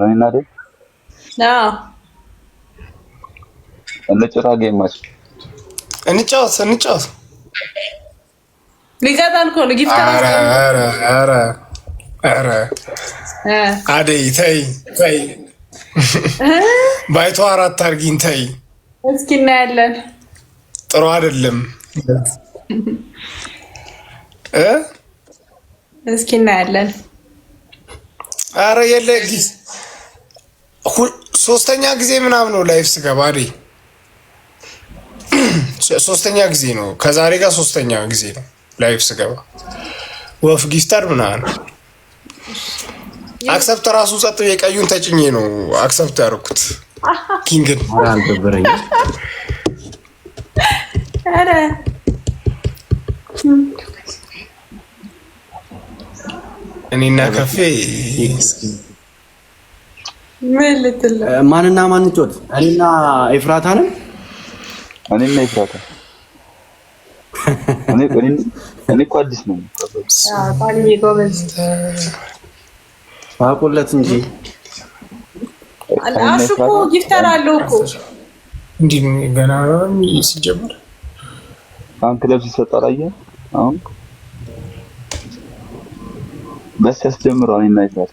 ነው እና እንጫወት እንጫወት። እኮ ነው አደይ ተይ ተይ፣ ባይቶ አራት አድርጊኝ ተይ። እስኪ እናያለን። ጥሩ አይደለም እስኪ እናያለን። የለ ጊፍት ሶስተኛ ጊዜ ምናምን ነው ላይፍ ስገባ ሶስተኛ ጊዜ ነው ከዛሬ ጋር ሶስተኛ ጊዜ ነው ላይፍ ስገባ። ወፍ ጊፍተር ምናምን አክሰፕት ራሱ ጸጥ የቀዩን ተጭኜ ነው አክሰፕት ያደረኩት። ኪንግን እኔና ከፌ ማንና ማን ጮት? እኔና ኤፍራታ ነን። እኔና ኤፍራታ እኔ እኮ አዲስ ነው አቁለት እንጂ አሹ እኮ ጊፍተር አለው እኮ እንዲ ገና ሲጀምር አሁን ክለብ ሲሰጥ አላየህ? አሁን በስ ያስጀምረው እኔና ኤፍራታ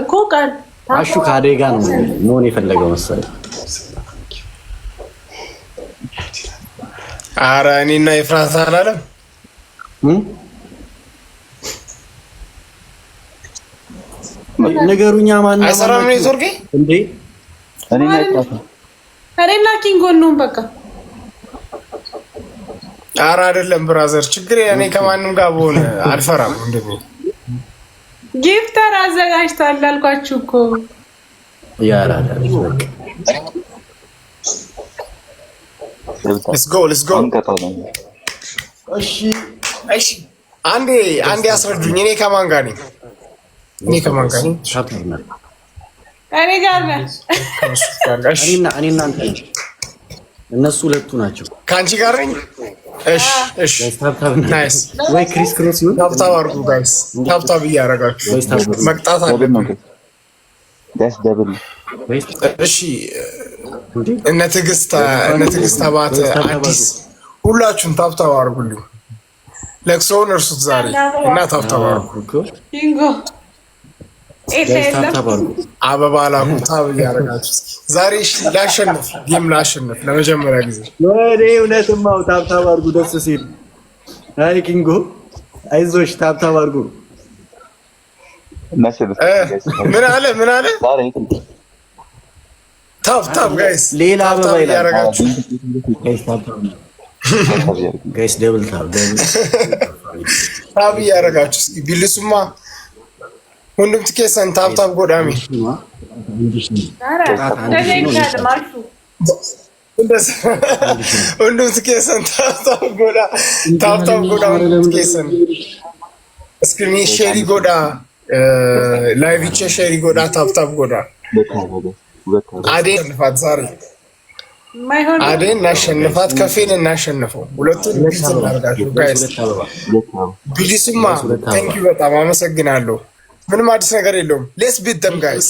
እኮ ቃል አሹ ከአደይ ነው መሆን የፈለገው መሰለኝ። አረ እኔና የፍራንሳ አላለም ነገሩኛ ማን አይሰራም። ኔትወርክ እንዴ እኔና ኪንጎ ነው በቃ። አረ አይደለም ብራዘር ችግር እኔ ከማንም ጋር በሆነ አልፈራም እንደሚል ጊፍተር አዘጋጅቷል አልኳችሁ እኮ አንዴ አንዴ አስረዱኝ። እኔ ከማን ጋር ነኝ? እኔ ከማን ጋር ነኝ? እኔ ጋር ነኝ። እኔና እኔና እነሱ ሁለቱ ናቸው። ከአንቺ ጋር ነኝ ወይ ክሪስ ክሮስ ይሁን ታብታብ አድርጉ ጋይስ፣ ታብታብ እያደረጋችሁ መቅጣት አለ። እሺ እነ ትዕግስት እነ ትዕግስት አባት አዲስ፣ ሁላችሁም ታብታብ አድርጉልኝ። ለቅሶውን እርሱት ዛሬ እና ታብታብ አድርጉ አበባ ላኩታ ብያረጋችሁ ዛሬ ላሸንፍ ጌም ላሸንፍ ለመጀመሪያ ጊዜ ወደ እውነትም ው ታብታብ አድርጉ። ደስ ሲል አይ ኪንጎ አይዞሽ፣ ታብታብ አድርጉ። ምን አለ ምን አለ ታብታብ ጋይስ፣ ሌላ አበባ ያረጋችሁ ጋይስ፣ ደብል ታብ ታብ እያረጋችሁ እስኪ ቢልሱማ ሁሉም ትኬሰን ታብታብ ጎዳሚ ሁሉም ትኬሰን ታብታብ ጎዳ ታብታብ ጎዳ ሁሉም ትኬሰን እስኪ ሼሪ ጎዳ ላይቪቼ ሼሪ ጎዳ ታብታብ ጎዳ አዴን ልፋት ዛሬ አዴን እናሸንፋት፣ ከፌን እናሸንፈው። ሁለቱን ፊት እናርጋቸው። ብሊስማ ተንኪ በጣም አመሰግናለሁ። ምንም አዲስ ነገር የለውም። ሌስ ቢት ደም ጋይስ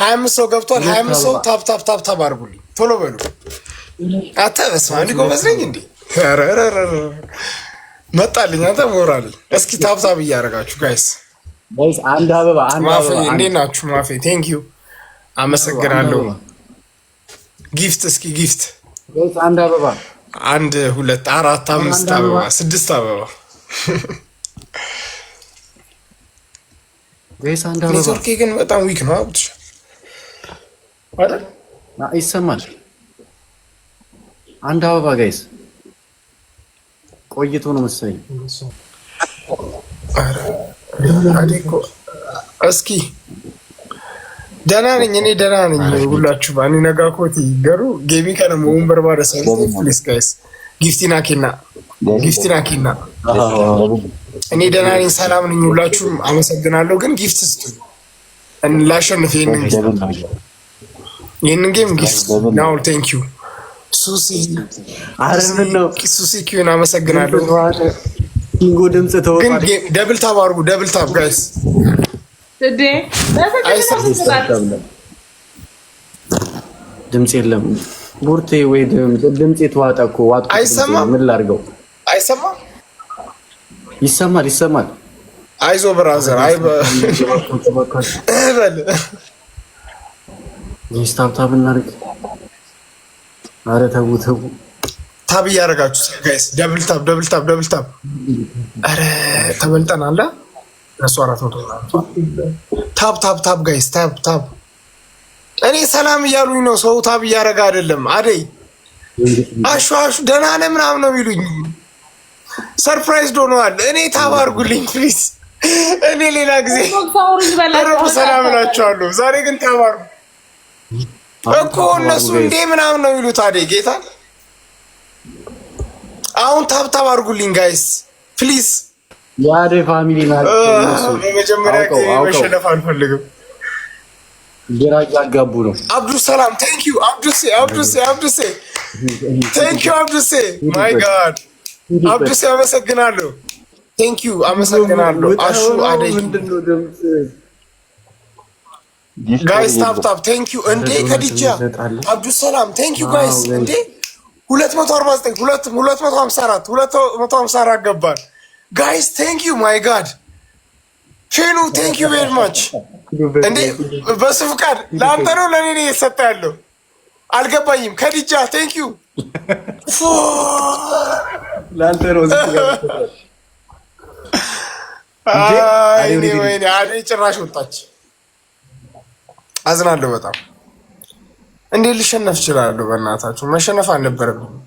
ሀያ አምስት ሰው ገብቷል። ሀያ አምስት ሰው ታፕ ታፕ ታፕ ታፕ አድርጉልኝ፣ ቶሎ በሉ። አተ በስመ አብ ጎበዝ ነኝ እንዴ! መጣልኝ። አንተ ሞራል እስኪ ታፕ ታፕ እያደረጋችሁ ጋይስ አንድ አበባ ማፌ፣ እንዴት ናችሁ? ማፌ ቴንክ ዩ አመሰግናለሁ። ጊፍት እስኪ ጊፍት አንድ አበባ አንድ ሁለት አራት አምስት አበባ ስድስት አበባ ኔትወርኬ ግን በጣም ዊክ ነው። አይደል? ይሰማል። አንድ አበባ ጋይስ ቆይቶ ነው መሰለኝ። እስኪ ደህና ነኝ እኔ ደህና ነኝ። ሁላችሁ ባኒ ነጋኮቲ ይገሩ ጌቢ ከነሞ ወንበር ባደሰ ፕሊስ ጋይስ ጊፍቲና ኪና ጊፍቲና ኪና እኔ ደህና ነኝ፣ ሰላም ነኝ። ሁላችሁም አመሰግናለሁ። ግን ጊፍት ስጡኝ ላሸንፍ። ይህንን ይህንን ጌም ጊፍት ናው። ቴንክ ዩ ሱሲ ሱሲ ኪዩን አመሰግናለሁ። ንጎ ድምፅ ተወግን ደብል ታብ አድርጉ። ደብል ታብ ጋይስ ድምፅ የለም። ቡርቴ ወይ ድምፅ የተዋጠ እኮ ዋጥ። ምን ላድርገው? አይሰማም ይሰማል ይሰማል። አይዞ ብራዘር፣ አይ ታብ ታብታብ እናድርግ። ኧረ ተው ተው፣ ታብ እያደረጋችሁ ጋይስ፣ ደብል ታብ ደብል ታብ ደብል ታብ። አረ ተበልጠን አለ እሱ አራት መቶ ታብ ታብ ታብ ጋይስ፣ ታብ ታብ። እኔ ሰላም እያሉኝ ነው። ሰው ታብ እያደረገ አይደለም። አደይ አሹ አሹ ደህና ነህ ምናምን ነው የሚሉኝ ሰርፕራይዝ ዶነዋል። እኔ ታባርጉልኝ ፕሊዝ። እኔ ሌላ ጊዜ ረቡ ሰላም እላችኋለሁ። ዛሬ ግን ታባሩ እኮ እነሱ እንዴ ምናምን ነው ይሉት። አዴ ጌታ አሁን ታብታብ አድርጉልኝ ጋይስ ፕሊዝ። የአዴ ፋሚሊ በመጀመሪያ ጊዜ መሸነፍ አልፈልግም። ግራ እያጋቡ ነው። አብዱሰላም ቴንክ ዩ አብዱሴ አብዱሴ አብዱሴ ቴንክ ዩ አብዱሴ ማይ ጋድ አብዱስ አመሰግናለሁ። ቴንክ ዩ አመሰግናለሁ። አሹ አደይ ጋይስ ታፕ ታፕ ቴንክ ዩ እንዴ ከዲጃ አብዱስ ሰላም ቴንክ ዩ ጋይስ እንዴ 249 254 254 ገባል ጋይስ ቴንክ ዩ ማይ ጋድ ሼኑ ቴንክ ዩ ቬሪ ማች እንዴ በሱ ፍቃድ ለአንተ ነው ለእኔ ነው እየተሰጠ ያለው አልገባኝም ከዲጃ ቴንክ ዩ ለአንተ ነው። ወይኔ አዴ ጭራሽ ወጣች። አዝናለሁ በጣም እንዴት ልሸነፍ እችላለሁ? በእናታችሁ መሸነፍ አልነበረብኝም።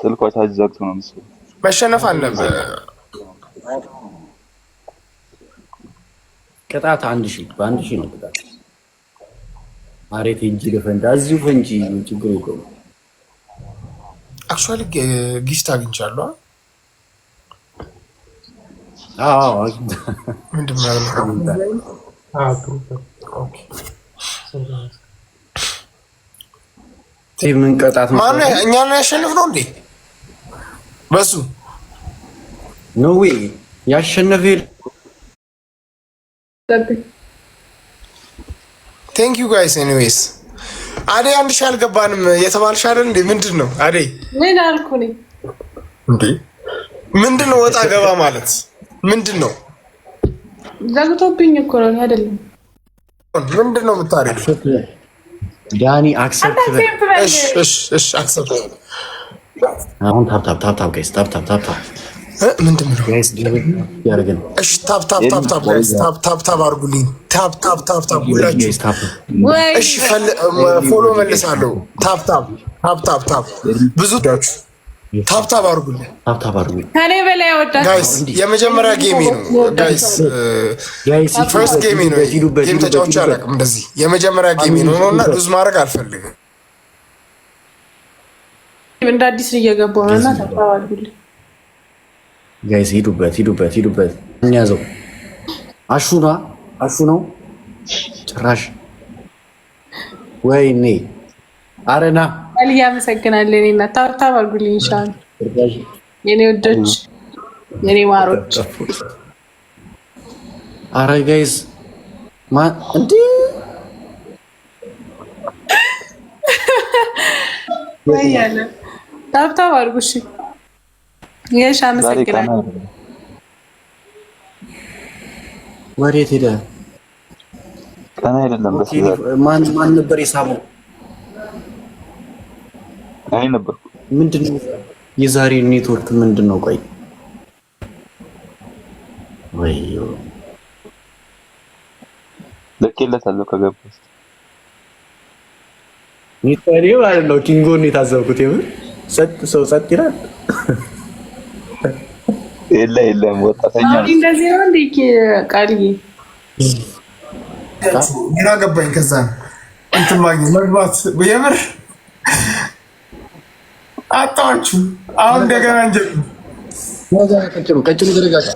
ስልኳ ነው መሰለኝ። መሸነፍ አልነበረ ቅጣት አንድ በአንድ ነው ቅጣት። አሬት እጅ እዚሁ ፈንጂ ችግር አክቹዋሊ ጊፍት አግኝቻለሁ። ምንድን ነው ያሸንፍ ነው እንዴ? በሱ ኖዌ ያሸነፈ ቴንክ ዩ ጋይስ ኤኒዌይስ አዴ አንድ ሺህ አልገባንም የተባልሽ አይደል እንዴ? ምንድን ነው አዴ? ምን አልኩ እኔ እንዴ? ምንድን ነው ወጣ ገባ ማለት ምንድን ነው? ዘግቶብኝ እኮ ነው አይደለም። ምንድን ነው የምታደርጊው? ዳኒ አክሰፕት እሺ፣ እሺ፣ እሺ አክሰፕት አሁን ታብ ታብ ታብ ታብ ጋይስ ታብ ታብ ታብ ታብ ምንድን ፎሎ መልሳለሁ። ታብ ታብ የመጀመሪያ ጌሜ ነው ፈርስት ጌሜ ነው። ጌም ተጫውቼ አላውቅም እንደዚህ። የመጀመሪያ ጌሜ ነው እና ሉዝ ማድረግ አልፈልግም። እንደ አዲስ እየገባሁ ነው እና ታብ አድርጉልኝ። ጋይስ ሂዱበት፣ ሂዱበት፣ ሂዱበት። እንያዘው። አሹና አሹ ነው ጭራሽ። ወይኔ አረና አልያ አመሰግናለሁ። እኔ እና ታብታብ አድርጉልኝ ይሻላል። የኔ ወዶች፣ የኔ ማሮች። አረ ጋይስ ማ እንዴ ታብታብ አድርጉ የሽ አመሰግናለሁ። ወዴት ሄደ? ቀና አይደለም። ማን ማን ነበር የሳመው? አይ ነበር። ምንድነው የዛሬ ኔትወርክ ምንድነው? ቆይ ወይዮ ልኬለታለሁ ከገባ ውስጥ ኔትወርክ ማለት ነው። ኪንጎን የታዘብኩት የምር ሰጥ ሰው ሰጥ ይላል። የለ የለም፣ ወጣተኛ እንደዚህ ነው። እንዴ? ቃልዬ ግራ ገባኝ። ከዛ እንትን ማግኘት መግባት የምር አጣችሁ። አሁን እንደገና እንጀ ቀጭኑ ቀጭኑ ዘረጋጋ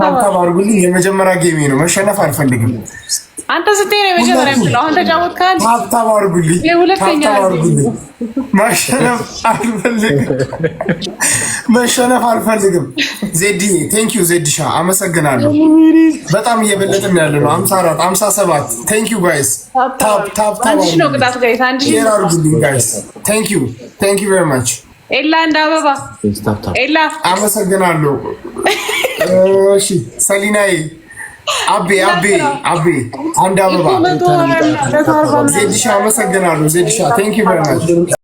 ሀብታም አድርጉልኝ። የመጀመሪያ ጌሜ ነው መሸነፍ አልፈልግም። አንተ ስትይ ነው የመጀመሪያ የምለው። አሁን ተጫወት ከአንድ ሀብታም አድርጉልኝ፣ የሁለተኛ መሸነፍ አልፈልግም። ዜዲ ቴንኪዩ፣ ዜዲሻ አመሰግናለሁ። በጣም እየበለጥን ያለ ነው። አምሳ አራት አምሳ ሰባት ቴንኪዩ ጋይስ፣ አድርጉልኝ ጋይስ። ቴንኪዩ ቴንኪዩ ቬሪ ማች ኤላ እንደ አበባ ኤላ አመሰግናለሁ። እሺ ሰሊናዬ አቤ አቤ አቤ አንድ አበባ ዜድሻ፣ አመሰግናለሁ ዜድሻ ቴንክ ዩ ቨሪ ማች